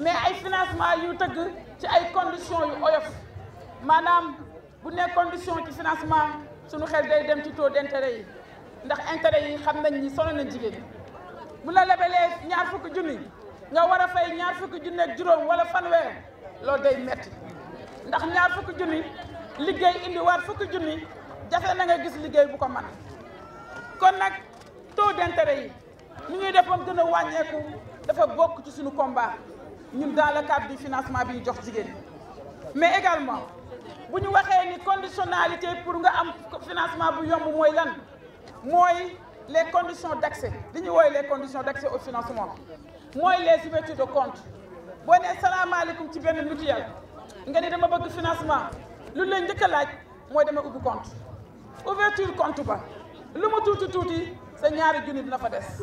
mais ay financement yu tëgg ci ay conditions yu oyof maanaam bu nekk condition ci financement suñu xel day dem ci taux d' intérêt yi ndax intérêt yi xam nañ ni sono nañ jigéen bu la lebelee ñaar fukki junni nga war a fay ñaar fukki junni juróom wala fanweer lool day metti ndax ñaar fukki junni liggéey indiwaat war fukki junni jafe nanga gis liggéey bu ko man kon nag taux d' yi ni ñuy defoon gën a wàññeeku dafa bokk ci suñu combat ñun dans le cadre du financement bi ñu jox mais également bu nous waxee ni conditionnalité pour nga am financement bu yomb mooy lan mooy les conditions d'accès li ñu les conditions d'accès au financement moi les ouvertures de compte bonne salam salaamaaleykum ci ben mutuelle nga ni dama bëgg financement lu la njëkk a laaj dama ubbi compte ouverture compte ba lu mu tuuti tuuti sa ñaari junit la fa dess.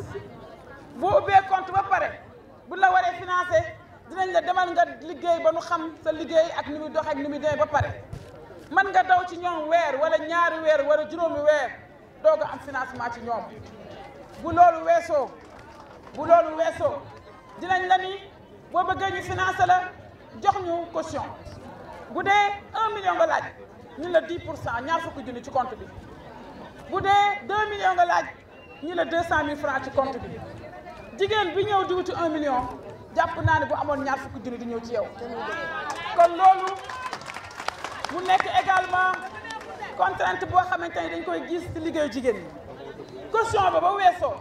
boo ubbee compte ba pare bu la waree financé dinañ la demal nga liggéey ba nu xam sa liggéey ak ni muy dox ak ni muy demee ba pare man nga daw ci ñoom weer walla ñaari weer wala juróomi weer doog a am financement ci ñoom bu loolu weesoo bu loolu weesoo dinañ la ni boo bëggee ñu financé la jox ñu caution bu dee un million nga laaj ñu la 10 pour cent ñaar fukki junni ci compte bi bu dee deux millions nga laaj ñu la deux cent mille francs ci compte bi jigéen bi ñëw dugg ci un million jàpp naa ne bu amoon ñaar fukki junni du ñëw ci yow kon loolu mu nekk également contrainte boo xamante ni dañ koy gis ci liggéeyu jigéen ñi caution ba ba weesoo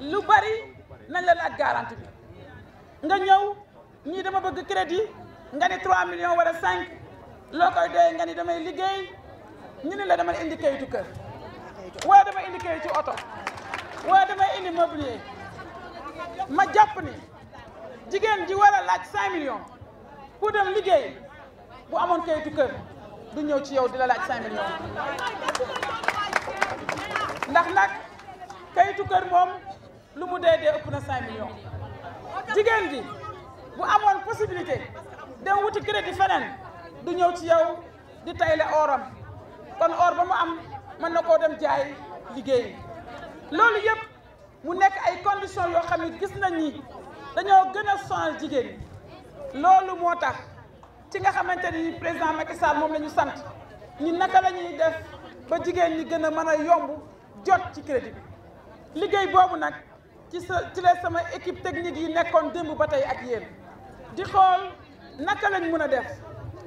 lu bari na la ak garanti bi nga ñëw ñii dama bëgg crédit nga ni 3 millions wala 5 loo koy doyee nga ni damay liggéey ñu ne la damay indi kayitu kër wala damay indi kayitu oto wala damay indi mobilier ma jàpp ni jigéen ji war a laaj 5 millions ku dem liggéey bu amoon kayitu kër du ñëw ci yow di la laaj 5 millions ndax nag kayitu kër moom lu mu dee dee ëpp na 5 millions jigéen ji bu amoon possibilité dem wuti crédit feneen du ñëw ci yow di tayle oram kon or ba mu am mën na koo dem jaay liggéey loolu yëpp mu nekk ay conditions yoo xam ne gis nañ ni dañoo gën a sonal jigéen loolu moo tax ci nga xamante ni président Macky Sall moom la sant ñi naka la def ba jigéen ñi gën a mën a yomb jot ci crédit liggéey boobu nag ci sa ci la sama équipe technique yi nekkoon démb ba tey ak yéen di xool naka lañu mën a def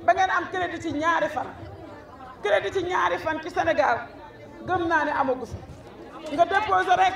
ba ngeen am crédit ci ñaari fan crédit ci ñaari fan ci Sénégal gëm naa ne amagu fi nga déposé rek.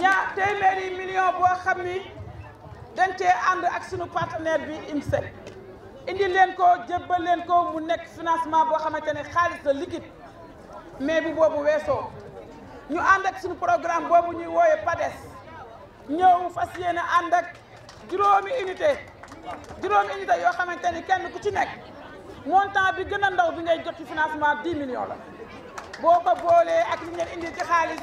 ñaar téeméeri million boo xam ni dañ cee ànd ak sunu partenaire bi IMSEC indi leen ko jébbal leen ko mu nekk financement boo xamante ne xaalis la liquide mais bi boobu weesoo ñu ànd ak suñu programme boobu ñuy wooye PADES ñëw fas yéene ànd ak juróomi unité juróomi unité yoo xamante ni kenn ku ci nekk montant bi gën a ndaw bi ngay jot ci financement 10 millions la boo ko boolee ak li ngeen indi ci xaalis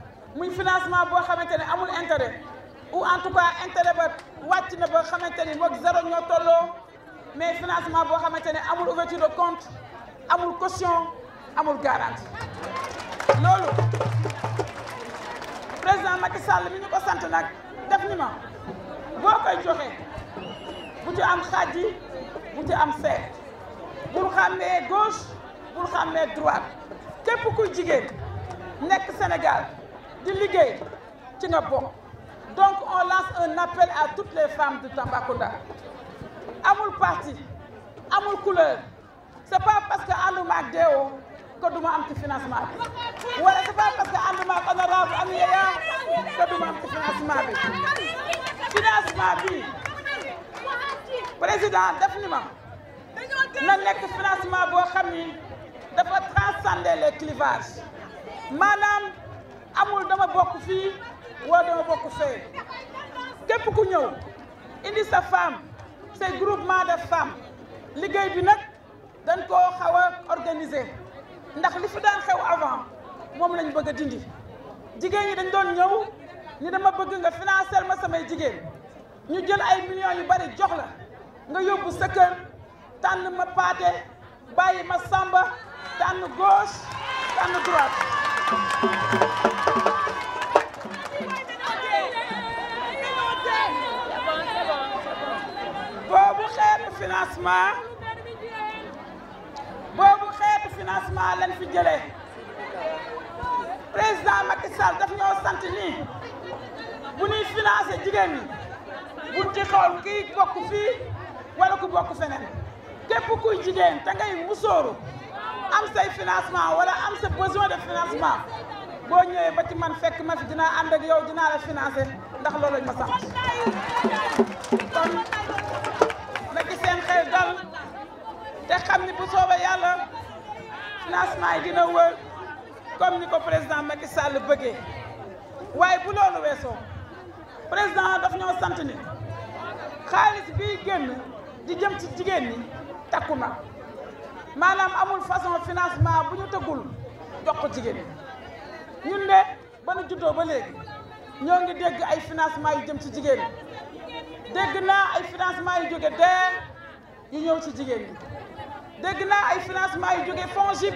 muy financement boo xamante intérêt ou en tout cas intérêt ba de na ba vous ñoo mais financement amul ouverture de compte amul caution amul garantie Le président Macky Sall mi vous sant nag def ni ma vous ci am bu ci am Vous vous gauche vous droite Sénégal di tu ci donc on lance un appel à toutes les femmes de Tambacounda amour parti amour couleur c'est n'est pas parce que ànduma ak que duma am ci financement Ou wala n'est pas parce que ànduma a honorable am que duma am ci financement financement président définitivement. ni ma financement boo transcender les clivages madame amul dama bokk fi wala dama bokk fee képp ku ñew indi sa femme say groupement de femmes liguey bi nak dañ ko xawa organiser ndax li fi daan xew avant mom lañ bëgg dindi jigéen ñi dañ doon ñew ni dama bëgg nga financer ma samay jigéen ñu jël ay millions yu bari jox la nga yóbbu sa kër tànn ma paate bàyyi ma samba tànn gauche tànn droite boobu xeetu financement boobu xeetu financement lañ fi jëlee président Macky Sall daf ñoo bu ñuy financé jigéen ñi buñ ci xool kii bokk fii wala ku bokk feneen képp kuy jigéen te ngay am say financement wala am sa besoin de financement boo ñëwee ba ci man fekk ma fi dinaa ànd ak yow dinaa la financer ndax loolu lañ ma sax kon na ci seen dal te xam ni bu soobee yàlla financement yi dina wër comme ni ko président Macky Sall bëggee waaye bu loolu weesoo président daf ñoo sant ni xaalis biy génn di jëm ci jigéen ñi takku na maanaam amul façon financement bu ñu tëggul jox ko jigéen ñi ñun de ba nu juddoo ba léegi ñoo ngi dégg ay financement yu jëm ci jigéen ñi dégg naa ay financement yu jóge DER yu ñëw ci jigéen ñi dégg naa ay financement yu jóge FONGIP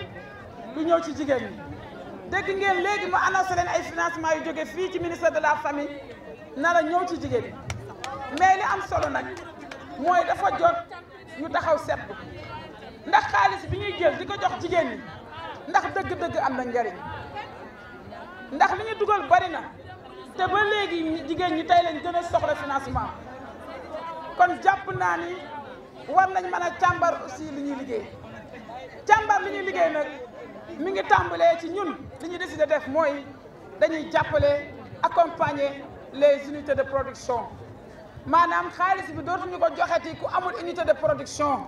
yu ñëw ci jigéen ñi dégg ngeen léegi mu annoncé ay financement yu jóge fii ci ministère de la famille nara ñëw ci jigéen ñi mais li am solo nag mooy dafa jot ñu taxaw sepp ndax xaalis bi ñuy jël di ko jox jigéen ñi ndax dëgg-dëgg am na njariñ ndax li ñu dugal bari na te ba léegi jigéen ñi tey lañ gën a soxla financement kon jàpp naa ni war nañ mën a càmbar aussi li ñuy liggéey càmbar li ñuy liggéey nag mi ngi tàmbalee ci ñun li ñu décidé def mooy dañuy jàppale accompagner les unités de production maanaam xaalis bi dootuñu ko joxeti ku amul unité de production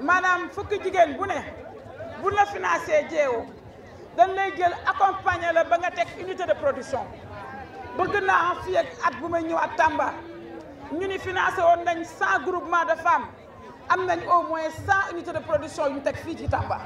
maanaam fukki jigéen bu ne bu la financé jéewo dañ lay jël accompagner la ba nga teg unité de production bëgg naa fii ak at bu may ñëwaat Tamba ñu ni financé woon nañ cent groupement de femmes am nañ au moins cent unités de production yu teg fii ci Tamba